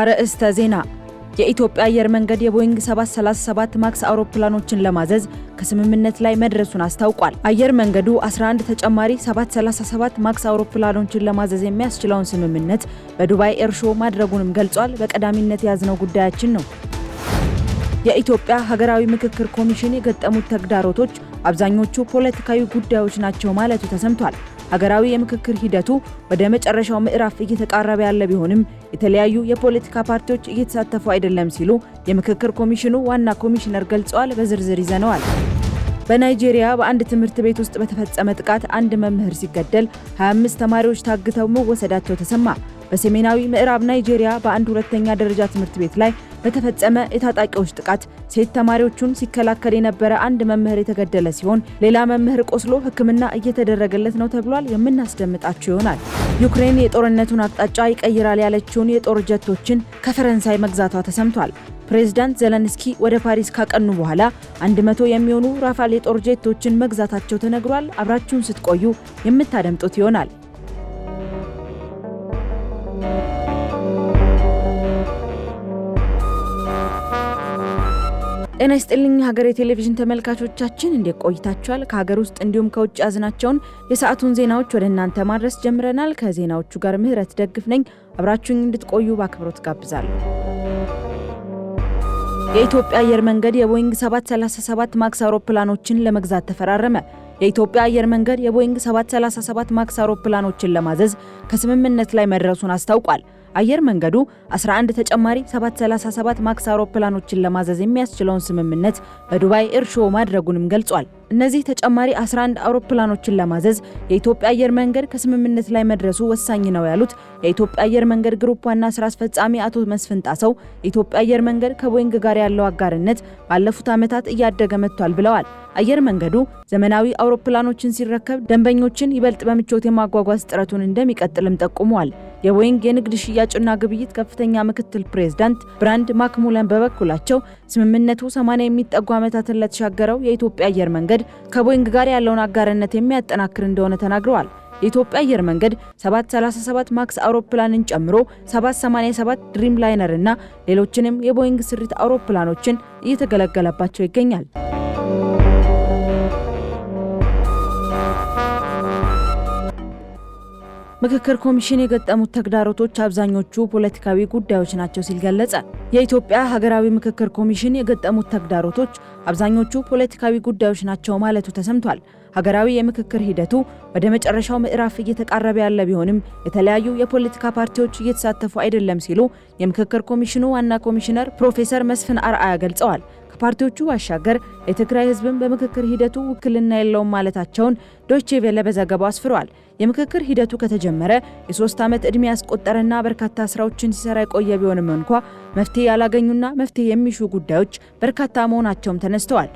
አርዕስተ ዜና የኢትዮጵያ አየር መንገድ የቦይንግ 737 ማክስ አውሮፕላኖችን ለማዘዝ ከስምምነት ላይ መድረሱን አስታውቋል። አየር መንገዱ 11 ተጨማሪ 737 ማክስ አውሮፕላኖችን ለማዘዝ የሚያስችለውን ስምምነት በዱባይ ኤርሾ ማድረጉንም ገልጿል። በቀዳሚነት የያዝነው ጉዳያችን ነው። የኢትዮጵያ ሀገራዊ ምክክር ኮሚሽን የገጠሙት ተግዳሮቶች አብዛኞቹ ፖለቲካዊ ጉዳዮች ናቸው ማለቱ ተሰምቷል። ሀገራዊ የምክክር ሂደቱ ወደ መጨረሻው ምዕራፍ እየተቃረበ ያለ ቢሆንም የተለያዩ የፖለቲካ ፓርቲዎች እየተሳተፉ አይደለም ሲሉ የምክክር ኮሚሽኑ ዋና ኮሚሽነር ገልጸዋል። በዝርዝር ይዘነዋል። በናይጄሪያ በአንድ ትምህርት ቤት ውስጥ በተፈጸመ ጥቃት አንድ መምህር ሲገደል 25 ተማሪዎች ታግተው መወሰዳቸው ተሰማ። በሰሜናዊ ምዕራብ ናይጄሪያ በአንድ ሁለተኛ ደረጃ ትምህርት ቤት ላይ በተፈጸመ የታጣቂዎች ጥቃት ሴት ተማሪዎቹን ሲከላከል የነበረ አንድ መምህር የተገደለ ሲሆን ሌላ መምህር ቆስሎ ሕክምና እየተደረገለት ነው ተብሏል። የምናስደምጣችሁ ይሆናል። ዩክሬን የጦርነቱን አቅጣጫ ይቀይራል ያለችውን የጦር ጀቶችን ከፈረንሳይ መግዛቷ ተሰምቷል። ፕሬዚዳንት ዘለንስኪ ወደ ፓሪስ ካቀኑ በኋላ 100 የሚሆኑ ራፋል የጦር ጀቶችን መግዛታቸው ተነግሯል። አብራችሁን ስትቆዩ የምታደምጡት ይሆናል። ጤና ይስጥልኝ ሀገር ቴሌቪዥን ተመልካቾቻችን፣ እንዴት ቆይታችኋል? ከሀገር ውስጥ እንዲሁም ከውጭ ያዝናቸውን የሰዓቱን ዜናዎች ወደ እናንተ ማድረስ ጀምረናል። ከዜናዎቹ ጋር ምህረት ደግፍ ነኝ። አብራችሁኝ እንድትቆዩ በአክብሮት ጋብዛለሁ። የኢትዮጵያ አየር መንገድ የቦይንግ 737 ማክስ አውሮፕላኖችን ለመግዛት ተፈራረመ። የኢትዮጵያ አየር መንገድ የቦይንግ 737 ማክስ አውሮፕላኖችን ለማዘዝ ከስምምነት ላይ መድረሱን አስታውቋል። አየር መንገዱ 11 ተጨማሪ 737 ማክስ አውሮፕላኖችን ለማዘዝ የሚያስችለውን ስምምነት በዱባይ እርሾ ማድረጉንም ገልጿል። እነዚህ ተጨማሪ 11 አውሮፕላኖችን ለማዘዝ የኢትዮጵያ አየር መንገድ ከስምምነት ላይ መድረሱ ወሳኝ ነው ያሉት የኢትዮጵያ አየር መንገድ ግሩፕ ዋና ስራ አስፈጻሚ አቶ መስፍን ጣሰው የኢትዮጵያ አየር መንገድ ከቦይንግ ጋር ያለው አጋርነት ባለፉት ዓመታት እያደገ መጥቷል ብለዋል። አየር መንገዱ ዘመናዊ አውሮፕላኖችን ሲረከብ ደንበኞችን ይበልጥ በምቾት የማጓጓዝ ጥረቱን እንደሚቀጥልም ጠቁመዋል። የቦይንግ የንግድ ሽያጭ ሽያጭና ግብይት ከፍተኛ ምክትል ፕሬዝዳንት ብራንድ ማክሙለን በበኩላቸው ስምምነቱ 80 የሚጠጉ ዓመታትን ለተሻገረው የኢትዮጵያ አየር መንገድ ከቦይንግ ጋር ያለውን አጋርነት የሚያጠናክር እንደሆነ ተናግረዋል። የኢትዮጵያ አየር መንገድ 737 ማክስ አውሮፕላንን ጨምሮ 787 ድሪም ላይነር እና ሌሎችንም የቦይንግ ስሪት አውሮፕላኖችን እየተገለገለባቸው ይገኛል። ምክክር ኮሚሽን የገጠሙት ተግዳሮቶች አብዛኞቹ ፖለቲካዊ ጉዳዮች ናቸው ሲል ገለጸ። የኢትዮጵያ ሀገራዊ ምክክር ኮሚሽን የገጠሙት ተግዳሮቶች አብዛኞቹ ፖለቲካዊ ጉዳዮች ናቸው ማለቱ ተሰምቷል። ሀገራዊ የምክክር ሂደቱ ወደ መጨረሻው ምዕራፍ እየተቃረበ ያለ ቢሆንም የተለያዩ የፖለቲካ ፓርቲዎች እየተሳተፉ አይደለም ሲሉ የምክክር ኮሚሽኑ ዋና ኮሚሽነር ፕሮፌሰር መስፍን አርአያ ገልጸዋል። ከፓርቲዎቹ ባሻገር የትግራይ ህዝብን በምክክር ሂደቱ ውክልና የለውም ማለታቸውን ዶይቼ ቬለ በዘገባው አስፍረዋል። የምክክር ሂደቱ ከተጀመረ የሶስት ዓመት ዕድሜ ያስቆጠረና በርካታ ስራዎችን ሲሰራ የቆየ ቢሆንም እንኳ መፍትሄ ያላገኙና መፍትሄ የሚሹ ጉዳዮች በርካታ መሆናቸውም ተነስተዋል።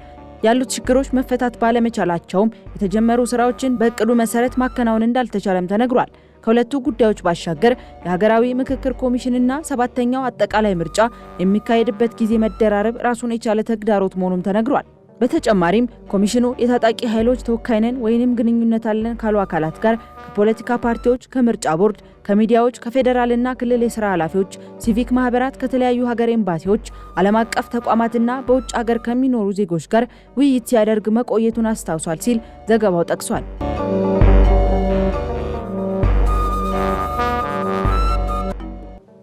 ያሉት ችግሮች መፈታት ባለመቻላቸውም የተጀመሩ ስራዎችን በእቅዱ መሰረት ማከናወን እንዳልተቻለም ተነግሯል። ከሁለቱ ጉዳዮች ባሻገር የሀገራዊ ምክክር ኮሚሽንና ሰባተኛው አጠቃላይ ምርጫ የሚካሄድበት ጊዜ መደራረብ ራሱን የቻለ ተግዳሮት መሆኑም ተነግሯል። በተጨማሪም ኮሚሽኑ የታጣቂ ኃይሎች ተወካይነን ወይንም ግንኙነት አለን ካሉ አካላት ጋር ከፖለቲካ ፓርቲዎች፣ ከምርጫ ቦርድ፣ ከሚዲያዎች፣ ከፌዴራልና ክልል የስራ ኃላፊዎች፣ ሲቪክ ማህበራት፣ ከተለያዩ ሀገር ኤምባሲዎች፣ ዓለም አቀፍ ተቋማትና በውጭ ሀገር ከሚኖሩ ዜጎች ጋር ውይይት ሲያደርግ መቆየቱን አስታውሷል ሲል ዘገባው ጠቅሷል።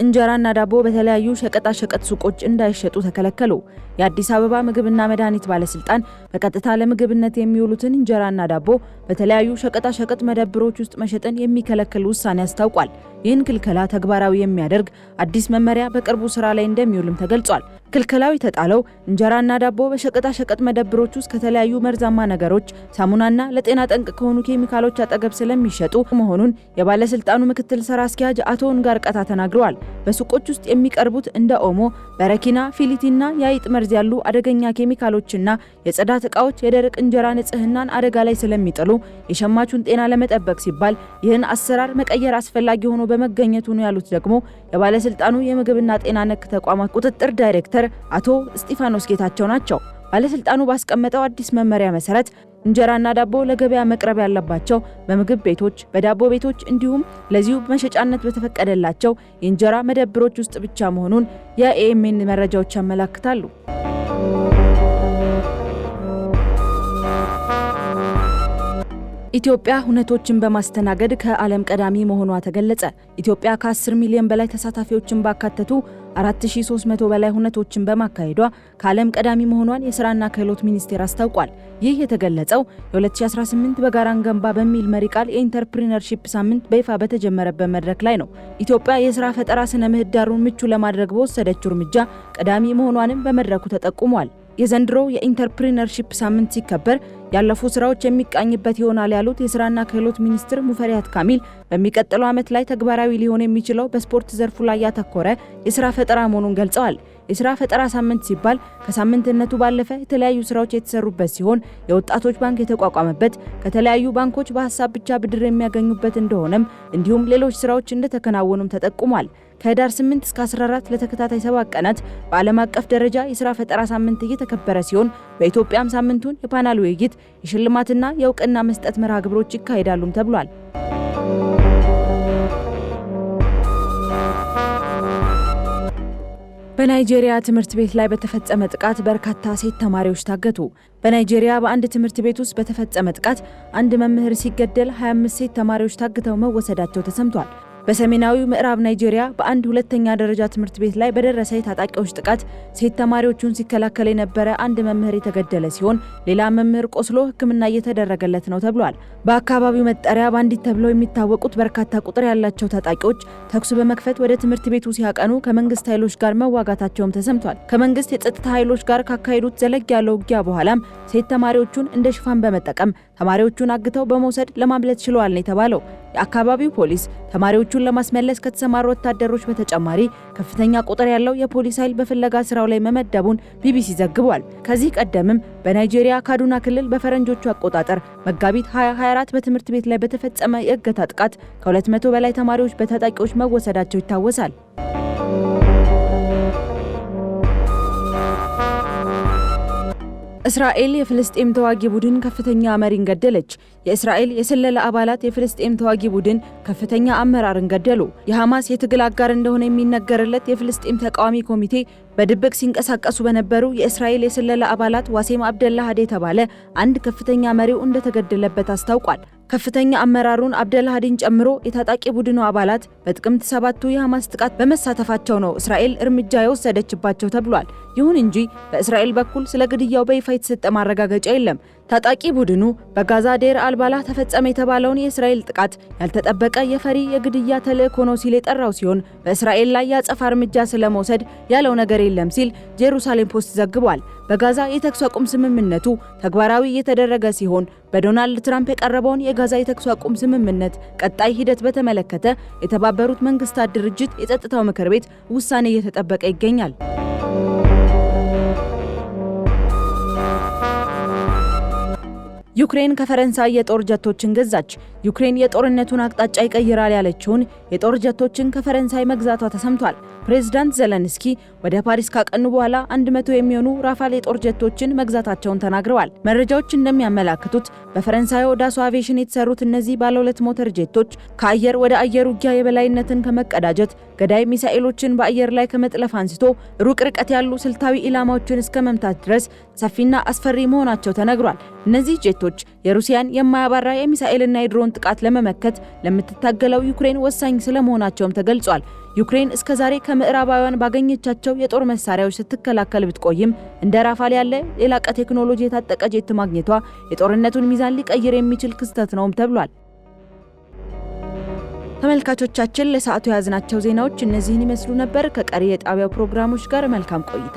እንጀራና ዳቦ በተለያዩ ሸቀጣሸቀጥ ሱቆች እንዳይሸጡ ተከለከሉ። የአዲስ አበባ ምግብና መድኃኒት ባለስልጣን በቀጥታ ለምግብነት የሚውሉትን እንጀራና ዳቦ በተለያዩ ሸቀጣሸቀጥ መደብሮች ውስጥ መሸጥን የሚከለክል ውሳኔ አስታውቋል። ይህን ክልከላ ተግባራዊ የሚያደርግ አዲስ መመሪያ በቅርቡ ስራ ላይ እንደሚውልም ተገልጿል። ክልከላው የተጣለው እንጀራና ዳቦ በሸቀጣሸቀጥ መደብሮች ውስጥ ከተለያዩ መርዛማ ነገሮች፣ ሳሙናና ለጤና ጠንቅ ከሆኑ ኬሚካሎች አጠገብ ስለሚሸጡ መሆኑን የባለስልጣኑ ምክትል ስራ አስኪያጅ አቶ እንጋር ቀታ ተናግረዋል። በሱቆች ውስጥ የሚቀርቡት እንደ ኦሞ፣ በረኪና፣ ፊሊቲና የአይጥ መርዝ ያሉ አደገኛ ኬሚካሎችና የጽዳት እቃዎች የደረቅ እንጀራ ንጽህናን አደጋ ላይ ስለሚጥሉ የሸማቹን ጤና ለመጠበቅ ሲባል ይህን አሰራር መቀየር አስፈላጊ ሆኖ በመገኘቱ ነው ያሉት ደግሞ የባለስልጣኑ የምግብና ጤና ነክ ተቋማት ቁጥጥር ዳይሬክተር ሚኒስትር አቶ እስጢፋኖስ ጌታቸው ናቸው። ባለስልጣኑ ባስቀመጠው አዲስ መመሪያ መሰረት እንጀራና ዳቦ ለገበያ መቅረብ ያለባቸው በምግብ ቤቶች፣ በዳቦ ቤቶች እንዲሁም ለዚሁ መሸጫነት በተፈቀደላቸው የእንጀራ መደብሮች ውስጥ ብቻ መሆኑን የኤኤምኤን መረጃዎች ያመላክታሉ። ኢትዮጵያ ሁነቶችን በማስተናገድ ከዓለም ቀዳሚ መሆኗ ተገለጸ። ኢትዮጵያ ከ10 ሚሊዮን በላይ ተሳታፊዎችን ባካተቱ 4300 በላይ ሁነቶችን በማካሄዷ ከዓለም ቀዳሚ መሆኗን የስራና ክህሎት ሚኒስቴር አስታውቋል። ይህ የተገለጸው የ2018 በጋራን ገንባ በሚል መሪ ቃል የኢንተርፕሪነርሺፕ ሳምንት በይፋ በተጀመረበት መድረክ ላይ ነው። ኢትዮጵያ የስራ ፈጠራ ስነ ምህዳሩን ምቹ ለማድረግ በወሰደችው እርምጃ ቀዳሚ መሆኗንም በመድረኩ ተጠቁሟል። የዘንድሮ የኢንተርፕሪነርሺፕ ሳምንት ሲከበር ያለፉ ስራዎች የሚቃኝበት ይሆናል ያሉት የስራና ክህሎት ሚኒስትር ሙፈሪያት ካሚል በሚቀጥለው ዓመት ላይ ተግባራዊ ሊሆን የሚችለው በስፖርት ዘርፉ ላይ ያተኮረ የስራ ፈጠራ መሆኑን ገልጸዋል። የስራ ፈጠራ ሳምንት ሲባል ከሳምንትነቱ ባለፈ የተለያዩ ስራዎች የተሰሩበት ሲሆን የወጣቶች ባንክ የተቋቋመበት፣ ከተለያዩ ባንኮች በሀሳብ ብቻ ብድር የሚያገኙበት እንደሆነም እንዲሁም ሌሎች ስራዎች እንደተከናወኑም ተጠቁሟል። ከህዳር 8 እስከ 14 ለተከታታይ ሰባት ቀናት በዓለም አቀፍ ደረጃ የስራ ፈጠራ ሳምንት እየተከበረ ሲሆን በኢትዮጵያም ሳምንቱን የፓናል ውይይት፣ የሽልማትና የእውቅና መስጠት መርሃ ግብሮች ይካሄዳሉም ተብሏል። በናይጄሪያ ትምህርት ቤት ላይ በተፈጸመ ጥቃት በርካታ ሴት ተማሪዎች ታገቱ። በናይጄሪያ በአንድ ትምህርት ቤት ውስጥ በተፈጸመ ጥቃት አንድ መምህር ሲገደል 25 ሴት ተማሪዎች ታግተው መወሰዳቸው ተሰምቷል። በሰሜናዊ ምዕራብ ናይጄሪያ በአንድ ሁለተኛ ደረጃ ትምህርት ቤት ላይ በደረሰ የታጣቂዎች ጥቃት ሴት ተማሪዎቹን ሲከላከል የነበረ አንድ መምህር የተገደለ ሲሆን ሌላ መምህር ቆስሎ ሕክምና እየተደረገለት ነው ተብሏል። በአካባቢው መጠሪያ ባንዲት ተብለው የሚታወቁት በርካታ ቁጥር ያላቸው ታጣቂዎች ተኩስ በመክፈት ወደ ትምህርት ቤቱ ሲያቀኑ ከመንግስት ኃይሎች ጋር መዋጋታቸውም ተሰምቷል። ከመንግስት የጸጥታ ኃይሎች ጋር ካካሄዱት ዘለግ ያለው ውጊያ በኋላም ሴት ተማሪዎቹን እንደ ሽፋን በመጠቀም ተማሪዎቹን አግተው በመውሰድ ለማምለጥ ችለዋል ነው የተባለው። የአካባቢው ፖሊስ ተማሪዎቹን ለማስመለስ ከተሰማሩ ወታደሮች በተጨማሪ ከፍተኛ ቁጥር ያለው የፖሊስ ኃይል በፍለጋ ስራው ላይ መመደቡን ቢቢሲ ዘግቧል። ከዚህ ቀደምም በናይጄሪያ ካዱና ክልል በፈረንጆቹ አቆጣጠር መጋቢት 2024 በትምህርት ቤት ላይ በተፈጸመ የእገታ ጥቃት ከ200 በላይ ተማሪዎች በታጣቂዎች መወሰዳቸው ይታወሳል። እስራኤል የፍልስጤም ተዋጊ ቡድን ከፍተኛ መሪን ገደለች። የእስራኤል የስለላ አባላት የፍልስጤም ተዋጊ ቡድን ከፍተኛ አመራርን ገደሉ። የሐማስ የትግል አጋር እንደሆነ የሚነገርለት የፍልስጤም ተቃዋሚ ኮሚቴ በድብቅ ሲንቀሳቀሱ በነበሩ የእስራኤል የስለላ አባላት ዋሴም አብደላ ሀድ የተባለ አንድ ከፍተኛ መሪው እንደተገደለበት አስታውቋል። ከፍተኛ አመራሩን አብደላ ጨምሮ የታጣቂ ቡድኑ አባላት በጥቅምት ሰባቱ የሐማስ ጥቃት በመሳተፋቸው ነው እስራኤል እርምጃ የወሰደችባቸው ተብሏል። ይሁን እንጂ በእስራኤል በኩል ስለ ግድያው በይፋ የተሰጠ ማረጋገጫ የለም። ታጣቂ ቡድኑ በጋዛ ዴር አልባላ ተፈጸመ የተባለውን የእስራኤል ጥቃት ያልተጠበቀ የፈሪ የግድያ ተልእኮ ነው ሲል የጠራው ሲሆን በእስራኤል ላይ የአጸፋ እርምጃ ስለመውሰድ ያለው ነገር የለም ሲል ጄሩሳሌም ፖስት ዘግቧል። በጋዛ የተኩስ አቁም ስምምነቱ ተግባራዊ እየተደረገ ሲሆን በዶናልድ ትራምፕ የቀረበውን የጋዛ የተኩስ አቁም ስምምነት ቀጣይ ሂደት በተመለከተ የተባበሩት መንግስታት ድርጅት የጸጥታው ምክር ቤት ውሳኔ እየተጠበቀ ይገኛል። ዩክሬን ከፈረንሳይ የጦር ጀቶችን ገዛች። ዩክሬን የጦርነቱን አቅጣጫ ይቀይራል ያለችውን የጦር ጀቶችን ከፈረንሳይ መግዛቷ ተሰምቷል። ፕሬዚዳንት ዘለንስኪ ወደ ፓሪስ ካቀኑ በኋላ 100 የሚሆኑ ራፋል የጦር ጀቶችን መግዛታቸውን ተናግረዋል። መረጃዎች እንደሚያመላክቱት በፈረንሳይ ዳሶ አቪዬሽን የተሰሩት እነዚህ ባለሁለት ሞተር ጀቶች ከአየር ወደ አየር ውጊያ የበላይነትን ከመቀዳጀት ገዳይ ሚሳኤሎችን በአየር ላይ ከመጥለፍ አንስቶ ሩቅ ርቀት ያሉ ስልታዊ ኢላማዎችን እስከ መምታት ድረስ ሰፊና አስፈሪ መሆናቸው ተነግሯል። እነዚህ ጀቶች የሩሲያን የማያባራ የሚሳኤልና የድሮን የሩሲያን ጥቃት ለመመከት ለምትታገለው ዩክሬን ወሳኝ ስለመሆናቸውም ተገልጿል። ዩክሬን እስከ ዛሬ ከምዕራባውያን ባገኘቻቸው የጦር መሳሪያዎች ስትከላከል ብትቆይም እንደ ራፋል ያለ የላቀ ቴክኖሎጂ የታጠቀ ጄት ማግኘቷ የጦርነቱን ሚዛን ሊቀይር የሚችል ክስተት ነውም ተብሏል። ተመልካቾቻችን ለሰዓቱ የያዝናቸው ዜናዎች እነዚህን ይመስሉ ነበር። ከቀሪ የጣቢያው ፕሮግራሞች ጋር መልካም ቆይታ